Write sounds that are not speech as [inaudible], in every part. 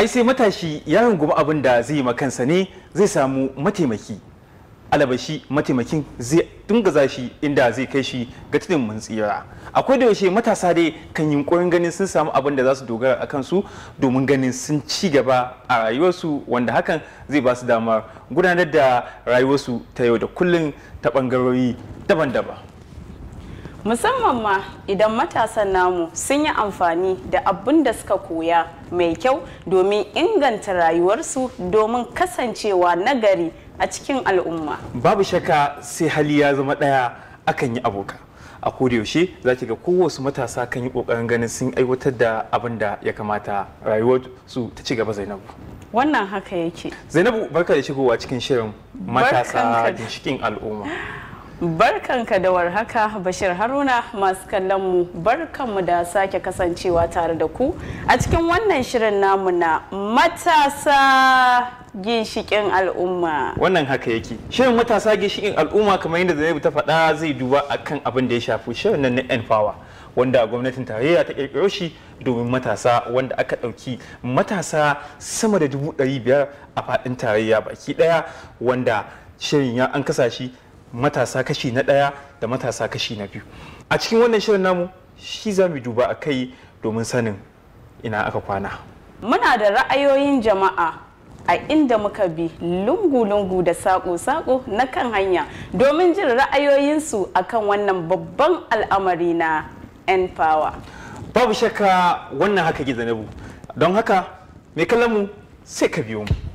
ai sai matashi ya rungumi abin da zai yi makansa ne zai samu mataimaki alabashi mataimakin zai dungaza shi inda zai kai shi ga tudun mun tsira akwai da yaushe matasa dai kan yunkurin ganin sun samu abin da za su dogara a kansu domin ganin sun ci gaba a rayuwarsu wanda hakan zai ba su damar gudanar da rayuwarsu ta yau da kullun ta bangarori daban-daban musamman ma idan matasan namu sun yi amfani da abin da suka koya mai kyau domin inganta rayuwarsu domin kasancewa nagari a cikin al'umma babu shakka sai hali ya zama ɗaya akan yi aboka a yaushe za ki ga kowace matasa kan yi ƙoƙarin ganin sun aiwatar da abin da ya kamata Rayuwarsu ta ci gaba zainabu wannan haka yake zainabu barka da shigowa cikin shirin matasa ginshikin al'umma Barkanka da warhaka Bashir Haruna masu kallon mu barkanmu da sake kasancewa tare da ku a cikin wannan shirin namu na matasa ginshikin al'umma. Wannan haka yake. Shirin matasa ginshikin al'umma kamar yadda Zainabu ta faɗa zai duba akan abin da ya shafi shirin nan na Empower wanda gwamnatin tarayya ta kirkiro shi domin matasa wanda aka ɗauki matasa sama da dubu ɗari biyar a faɗin tarayya baki ɗaya wanda shirin ya an kasa shi matasa kashi na ɗaya da matasa kashi na biyu a cikin wannan shirin namu shi za mu duba a kai domin sanin ina aka kwana muna da ra'ayoyin jama'a a inda muka bi lungu-lungu da sako-sako na kan hanya domin jin ra'ayoyinsu a kan wannan babban al'amari na 'yan power babu shakka wannan haka gizanabu don haka mai kallon mu sai ka biyo mu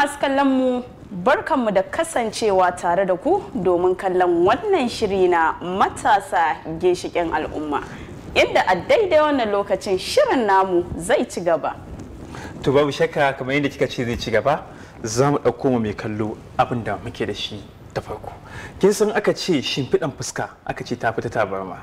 masu kallon mu barkanmu da kasancewa tare da ku domin kallon wannan shiri na matasa ginshiƙin al'umma inda a daidai wannan lokacin shirin namu zai ci gaba to babu shakka kamar yadda kika ce zai ci gaba za mu ɗauko mu mai kallo abin da muke da shi ta farko kin san aka ce shimfiɗan fuska aka ce ta fita tabarma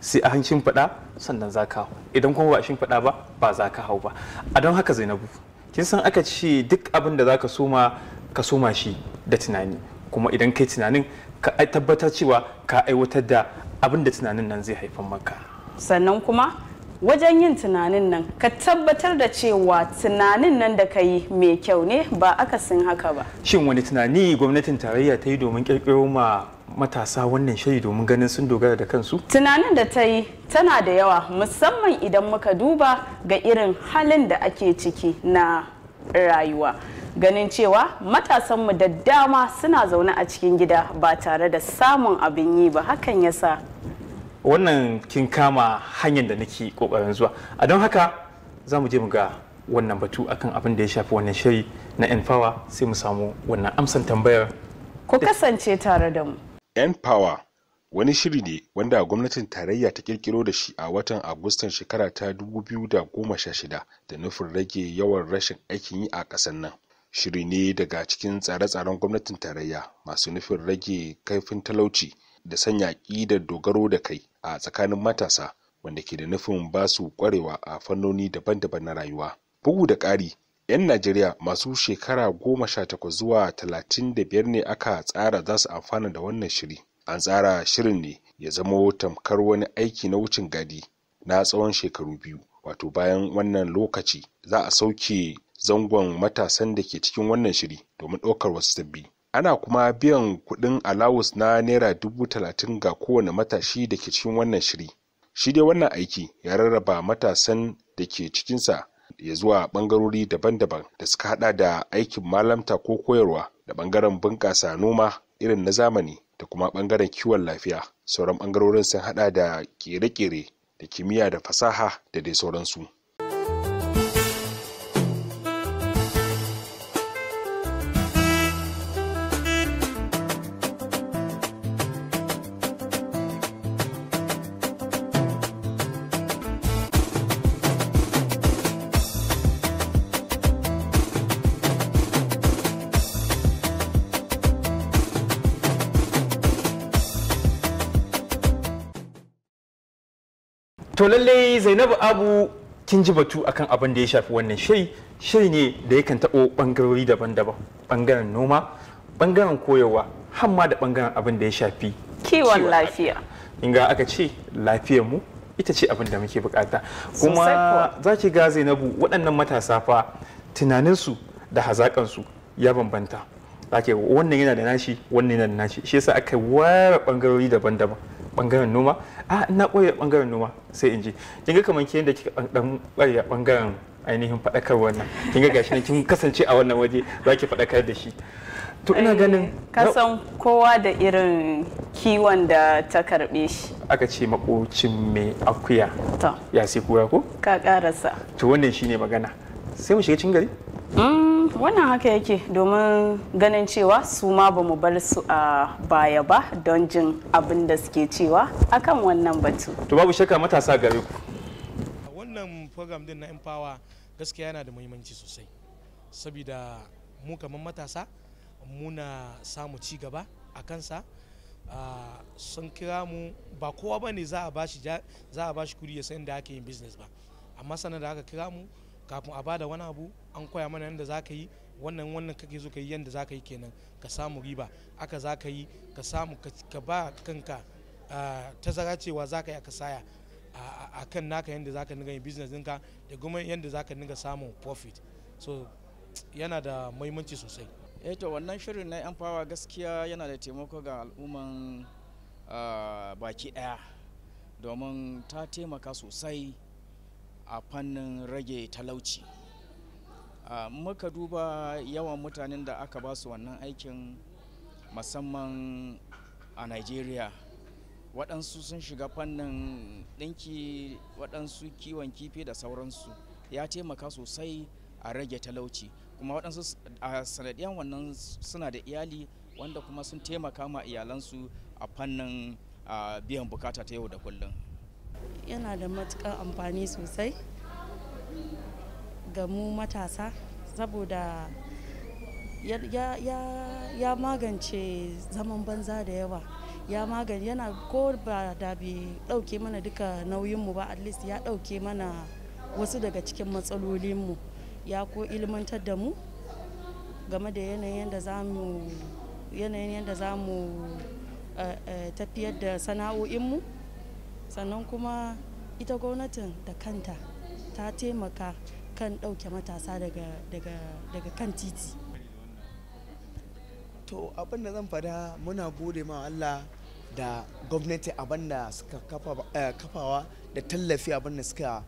sai a hancin faɗa sannan za ka hau idan kuma ba shimfiɗa ba ba za ka hau ba a don haka zainabu kin san aka ce duk abin da zaka soma ka soma shi da tunani kuma idan kai tunanin ka tabbatar cewa ka aiwatar da abin da tunanin nan zai haifar maka sannan kuma wajen yin tunanin nan ka tabbatar da cewa tunanin nan da ka yi mai kyau ne ba akasin haka ba shin wani tunani gwamnatin tarayya ta yi domin kirkiro ma matasa wannan shiri domin ganin sun dogara da kansu? Tunanin da ta yi tana da yawa musamman idan muka duba ga irin halin da ake ciki na rayuwa. Ganin cewa matasanmu da dama suna zaune a cikin gida ba tare da samun abin yi ba hakan ya sa. Wannan kin kama hanyar da nake kokarin zuwa. A don haka za mu je mu ga wannan batu akan abin da ya shafi wannan shiri na Empower sai mu samu wannan amsan tambayar. Ku kasance tare da mu. N-Power wani shiri ne wanda gwamnatin tarayya ta kirkiro da shi a watan Agustan shekara ta 2016 da nufin rage yawan rashin aikin yi a ƙasar nan. Shiri ne daga cikin tsare-tsaren gwamnatin tarayya masu nufin rage kaifin talauci da sanya da dogaro da kai a tsakanin matasa wanda ke da nufin ba su ƙwarewa a fannoni daban-daban na rayuwa. Bugu da ƙari, 'yan najeriya masu shekara goma sha takwas zuwa talatin da biyar ne aka tsara za su amfana da wannan shiri an tsara shirin ne ya zama tamkar wani aiki na wucin gadi na tsawon shekaru biyu wato bayan wannan lokaci za a sauke zangon matasan da ke cikin wannan shiri domin ɗaukar wasu sabbi ana kuma biyan kuɗin alawus na naira dubu talatin ga kowane matashi da ke cikin wannan shiri shi dai wannan aiki ya rarraba matasan da ke cikinsa ya zuwa bangarori daban-daban da suka hada da aikin malamta ko koyarwa da bangaren bunƙasa noma irin na zamani da kuma bangaren kiwon lafiya sauran bangarorin sun hada da kere-kere da kimiyya da fasaha da dai sauransu to lalle zainabu abu kin ji batu akan abin da ya shafi wannan shiri shiri ne da yakan taɓo ɓangarori daban-daban ɓangaren noma ɓangaren koyarwa hamma da ɓangaren abin da ya shafi kiwon lafiya Inga aka ce lafiyar mu ita ce abin da muke bukata kuma za ki ga zainabu waɗannan matasa fa tunaninsu da hazaƙansu ya bambanta wannan yana da nashi wannan yana da nashi shi yasa aka ware ɓangarori daban-daban bangaren noma a na ƙware bangaren noma sai in ji kin ga kamar ke yadda kika dan ƙware bangaren ainihin faɗakar wannan kin ga gashi ne kin kasance a wannan waje za ki faɗakar da shi to ina eh, ganin kasan kowa da irin kiwon da ta karbe shi aka ce makocin mai akuya ya sai kura ko ka karasa to wannan shine magana sai mu shiga cikin gari Mm, wannan haka yake domin ganin cewa su ma ba mu bar su a baya ba don jin abin da suke cewa akan wannan batu to babu shakka matasa gare ku wannan program din na empower gaskiya yana da muhimmanci sosai saboda mu kamar matasa muna samu ci gaba a kansa ah, sun kira mu ba kowa ba ne za a bashi kuri ya san da ake yin business ba amma sanar da aka kira mu kafin a bada wani abu an koya mana yadda za ka yi wannan wannan kake zo ka yi yadda za ka yi kenan ka samu riba aka za ka yi ka samu ka ba kanka tazara cewa za ka yi aka saya a kan naka yadda za ka niga yin business ɗinka da kuma yadda za ka niga samun profit so yana da muhimmanci sosai eh wannan shirin na yan fawa gaskiya yana da taimako ga al'umman baki ɗaya domin ta taimaka sosai a fannin rage talauci muka duba yawan mutanen da aka ba su wannan aikin musamman a nigeria waɗansu sun shiga fannin ɗinki waɗansu kiwon kifi da sauransu ya taimaka sosai a rage talauci kuma waɗansu a sanadiyan wannan suna da iyali wanda kuma sun taimaka ma iyalansu a fannin biyan bukata ta yau da kullum. yana da matuƙar amfani sosai ga mu matasa saboda ya, magance zaman banza da yawa ya magance yana ko ba da bai ɗauke mana duka nauyinmu ba at least ya ɗauke mana wasu daga cikin matsalolinmu ya ko ilmantar da mu game da yanayin yanayin yadda za mu eh, eh, tafiyar da sana'o'inmu sannan kuma ita gwamnatin da kanta ta taimaka kan ɗauke matasa daga kan titi to abin da zan fada muna gode ma Allah da gwamnati abin da suka eh, kafawa da tallafi abin da suka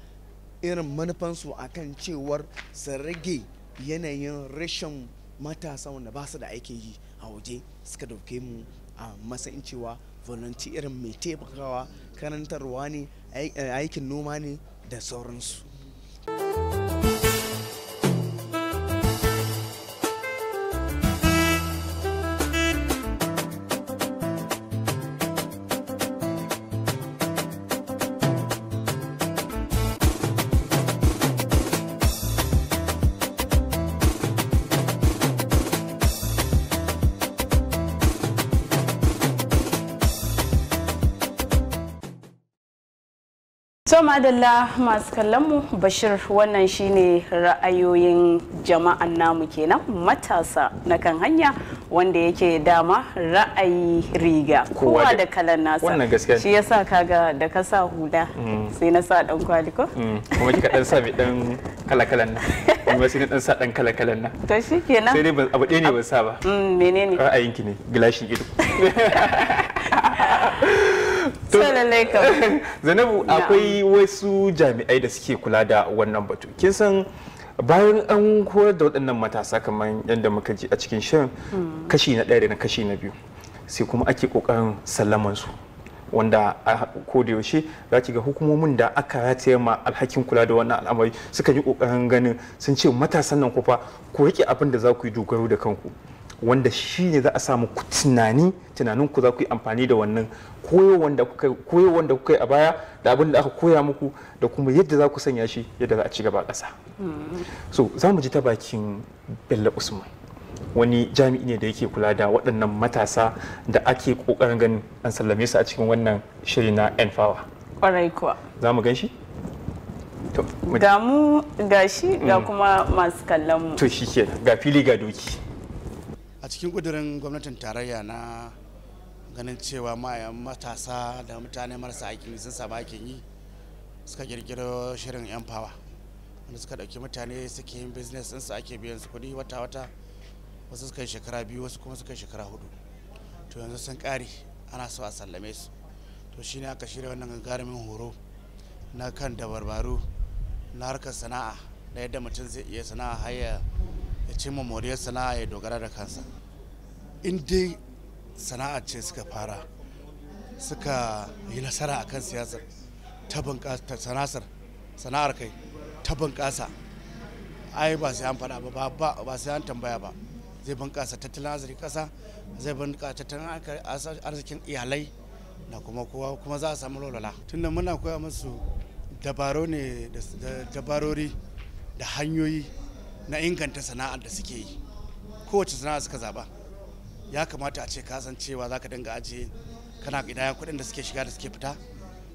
irin manufansu a kan cewar su rage yanayin rashin matasa wanda ba su da aiki yi a waje suka dauke mu a matsayin cewa volunteer mai taimakawa karantarwa ne eh, aikin noma ne da sauransu to madalla masu kallonmu bashir wannan shine ra'ayoyin jama'an namu kenan matasa na kan hanya wanda yake dama ra'ayi riga kowa da kalan nasa shi yasa kaga da ka sa hula mm. sai na sa dan kwaliko mm. kuma kika dan sa mai dan kala-kalan nan [laughs] kuma sai na dan sa dan kala-kalan nan to shikenan sai dai abu ɗaya ne ban sa ba mm, menene ra'ayinki ne gilashin ido [laughs] [laughs] Zainabu akwai wasu jami'ai da suke kula da wannan batu. Kin san bayan an koyar da waɗannan matasa kamar yadda muka ji a cikin shan hmm. kashi na ɗaya da na kashi na biyu sai kuma ake ƙoƙarin sallaman su wanda a yaushe za ki ga hukumomin da aka rataya ma alhakin kula da wannan al'amari suka yi ƙoƙarin ganin sun ce matasan nan kufa ku riƙe abin da za ku yi dogaro da kanku wanda shi ne za a samu tunani tunanin ku za ku yi amfani da wannan koyo wanda kuka yi a baya da abin da aka koya muku da kuma yadda za ku sanya shi yadda za a ci gaba a ƙasa so za mu ji ta bakin bello usman wani jami'i ne da yake kula da waɗannan matasa da ake ƙoƙarin ganin an sallame su a cikin wannan shiri na enfawa Ƙwarai kuwa za mu gan shi ga mu ga shi ga mm. kuma masu kallon mu to shi ga fili ga doki a cikin ƙudurin gwamnatin tarayya na ganin cewa matasa da mutane marasa aikin sun samu aikin yi suka girgiro shirin yan fawa wanda suka ɗauki mutane suke yin business ɗinsu ake biyan su kuɗi wata-wata wasu suka yi shekara biyu wasu kuma suka yi shekara hudu to yanzu sun kare ana so a sallame su to shine aka shirya wannan gagarumin horo na kan dabarbaru na harkar sana'a da yadda mutum zai iya sana'a har ya ce moriyar sana'a ya dogara da kansa in dai sana'a ce suka fara suka yi nasara akan siyasar ta bunƙasa sana'ar sana'ar kai ta bunƙasa ai ba sai an faɗa ba ba sai an tambaya ba zai bunƙasa tattalin arzikin ƙasa zai bunƙasa tattalin arzikin iyalai na kuma kowa kuma za a samu lalala tunda muna koya musu dabaro ne da dabarori da hanyoyi na inganta sana'ar da suke yi kowace sana'a suka zaba ya kamata a ce ka san cewa za ka dinga ajiye kana gidaya kuɗin da suke shiga da suke fita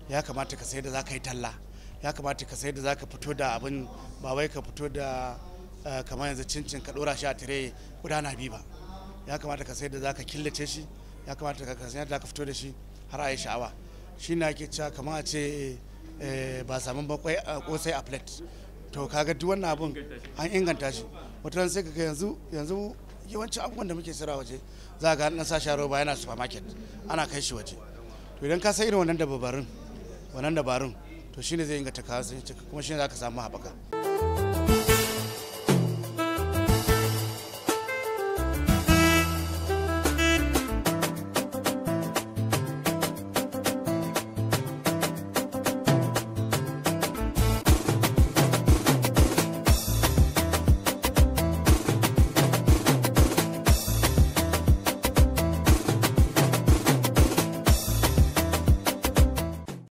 ya kamata ka sai da za ka yi talla ya kamata ka sai da za ka fito da abin ba wai ka fito da eh, kamar yanzu cincin ka ɗora shi a tire gudana biyu ba ya kamata ka sai da za ka killace shi ya kamata ka sai da za ka fito da shi har a yi sha'awa shi na ke cewa kamar a ce eh, ba samun bakwai kosai eh, a plate to kaga duk wannan abun an inganta shi wata sai ka yanzu yanzu yawancin abubuwan da muke sira waje za ga na sashi roba yana supermarket ana kai shi waje to idan ka san irin wannan dabarun wannan dabarun to shine zai inganta kasuwanci kuma shine za ka samu haɓaka.